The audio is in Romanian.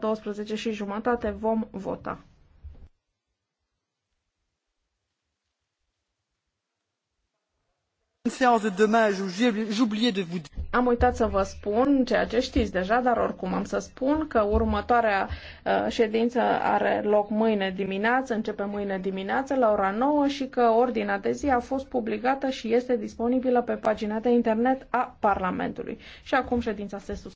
12 și jumătate vom vota. Am uitat să vă spun ceea ce știți deja, dar oricum am să spun că următoarea uh, ședință are loc mâine dimineață, începe mâine dimineață la ora 9 și că ordinea de zi a fost publicată și este disponibilă pe pagina de internet a Parlamentului. Și acum ședința se susține.